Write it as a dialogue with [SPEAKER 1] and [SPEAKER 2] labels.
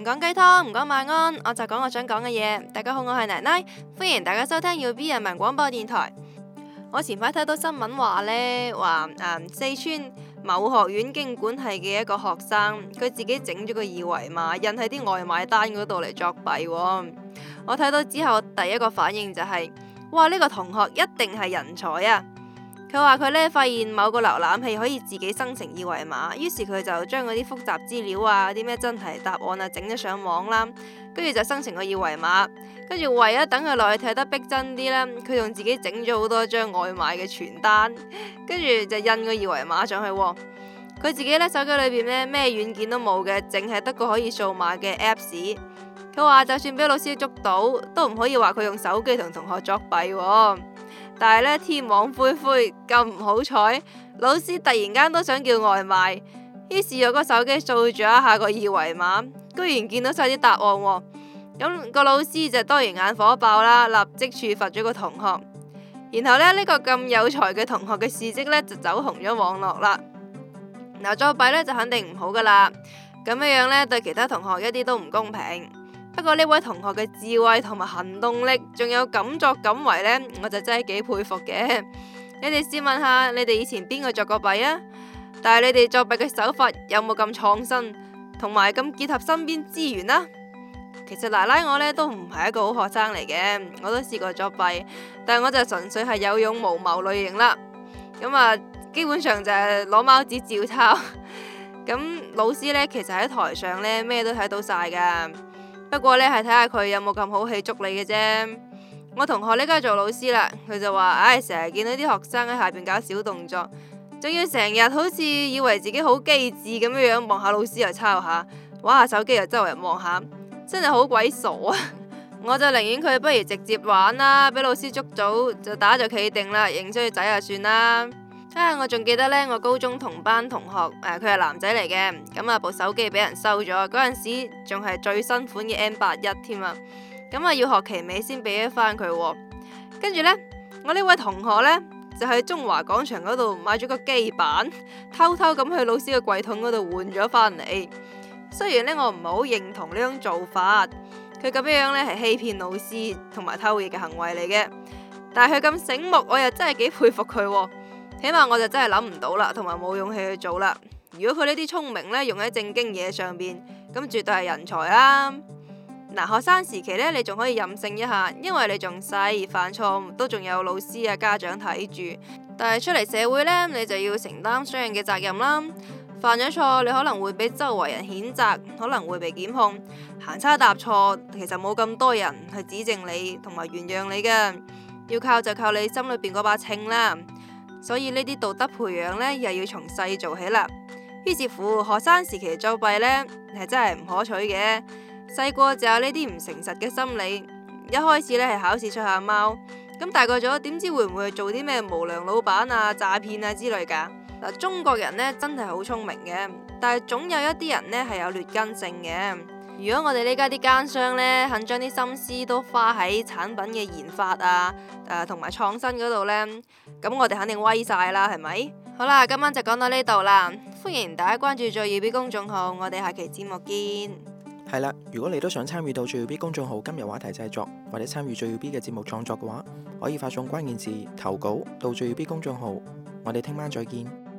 [SPEAKER 1] 唔講雞湯，唔講晚安，我就講我想講嘅嘢。大家好，我係奶奶，歡迎大家收聽 YB 人民廣播電台。我前排睇到新聞話呢，話四川某學院經管系嘅一個學生，佢自己整咗個二維碼印喺啲外賣單嗰度嚟作弊喎。我睇到之後，第一個反應就係，哇！呢個同學一定係人才啊！佢話佢呢，發現某個瀏覽器可以自己生成二維碼，於是佢就將嗰啲複雜資料啊、啲咩真題答案啊整咗上網啦，跟住就生成個二維碼。跟住為咗等佢落去睇得逼真啲呢，佢用自己整咗好多張外賣嘅傳單，跟住就印個二維碼上去。佢自己呢，手機裏邊呢，咩軟件都冇嘅，淨係得個可以掃碼嘅 Apps。佢話就算俾老師捉到，都唔可以話佢用手機同同學作弊。但係呢，天網恢恢，咁唔好彩，老師突然間都想叫外賣，於是用個手機掃咗一下個二維碼，居然見到晒啲答案喎、哦。咁個老師就當然眼火爆啦，立即處罰咗個同學。然後呢，呢、呢個咁有才嘅同學嘅事蹟呢，就走紅咗網絡啦。嗱，作弊呢，就肯定唔好噶啦，咁樣樣呢，對其他同學一啲都唔公平。不過呢位同學嘅智慧，同埋行動力，仲有敢作敢為呢，我就真係幾佩服嘅。你哋試問下，你哋以前邊個作過弊啊？但係你哋作弊嘅手法有冇咁創新，同埋咁結合身邊資源啦？其實奶奶我呢都唔係一個好學生嚟嘅，我都試過作弊，但係我就純粹係有勇無謀類型啦。咁啊，基本上就係攞貓紙照抄。咁老師呢，其實喺台上呢咩都睇到晒噶。不過呢，係睇下佢有冇咁好戲捉你嘅啫。我同學呢家做老師啦，佢就話唉，成日見到啲學生喺下邊搞小動作，仲要成日好似以為自己好機智咁樣樣，望下老師又抄下，玩下手機又周圍望下，真係好鬼傻啊！我就寧願佢不如直接玩啦，俾老師捉到就打就企定啦，認輸嘅仔就算啦。啊！我仲記得呢，我高中同班同學誒，佢、呃、係男仔嚟嘅，咁啊部手機俾人收咗嗰陣時，仲係最新款嘅 N 八一添啊。咁、嗯、啊要學期尾先俾返佢。跟住呢，我呢位同學呢，就喺、是、中華廣場嗰度買咗個機板，偷偷咁去老師嘅櫃桶嗰度換咗返嚟。雖然呢，我唔係好認同呢種做法，佢咁樣呢係欺騙老師同埋偷嘢嘅行為嚟嘅，但係佢咁醒目，我又真係幾佩服佢。起碼我就真係諗唔到啦，同埋冇勇氣去做啦。如果佢呢啲聰明呢，用喺正經嘢上邊，咁絕對係人才啦。嗱，學生時期呢，你仲可以任性一下，因為你仲細，犯錯都仲有老師啊家長睇住。但係出嚟社會呢，你就要承擔相應嘅責任啦。犯咗錯，你可能會俾周圍人譴責，可能會被檢控。行差踏錯，其實冇咁多人去指正你同埋原諒你嘅，要靠就靠你心裏邊嗰把秤啦。所以呢啲道德培養呢，又要從細做起啦。於是乎，學生時期作弊呢，係真係唔可取嘅。細個就有呢啲唔誠實嘅心理，一開始呢係考試出下貓，咁大個咗，點知會唔會做啲咩無良老闆啊、詐騙啊之類噶？嗱，中國人呢，真係好聰明嘅，但係總有一啲人呢，係有劣根性嘅。如果我哋呢家啲奸商呢，肯將啲心思都花喺產品嘅研發啊，誒同埋創新嗰度呢，咁我哋肯定威晒啦，係咪？好啦，今晚就講到呢度啦，歡迎大家關注最耀 B 公眾號，我哋下期節目見。係啦，如果你都想參與到最耀 B 公眾號今日話題製作，或者參與最耀 B 嘅節目創作嘅話，可以發送關鍵字投稿到最耀 B 公眾號，我哋聽晚再見。